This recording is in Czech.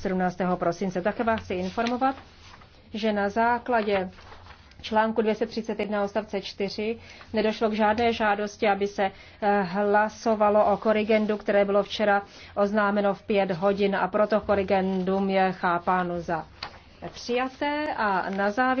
17. prosince. Také vás chci informovat, že na základě článku 231 odstavce 4 nedošlo k žádné žádosti, aby se eh, hlasovalo o korigendu, které bylo včera oznámeno v pět hodin a proto korigendum je chápáno za přijaté. A na závěr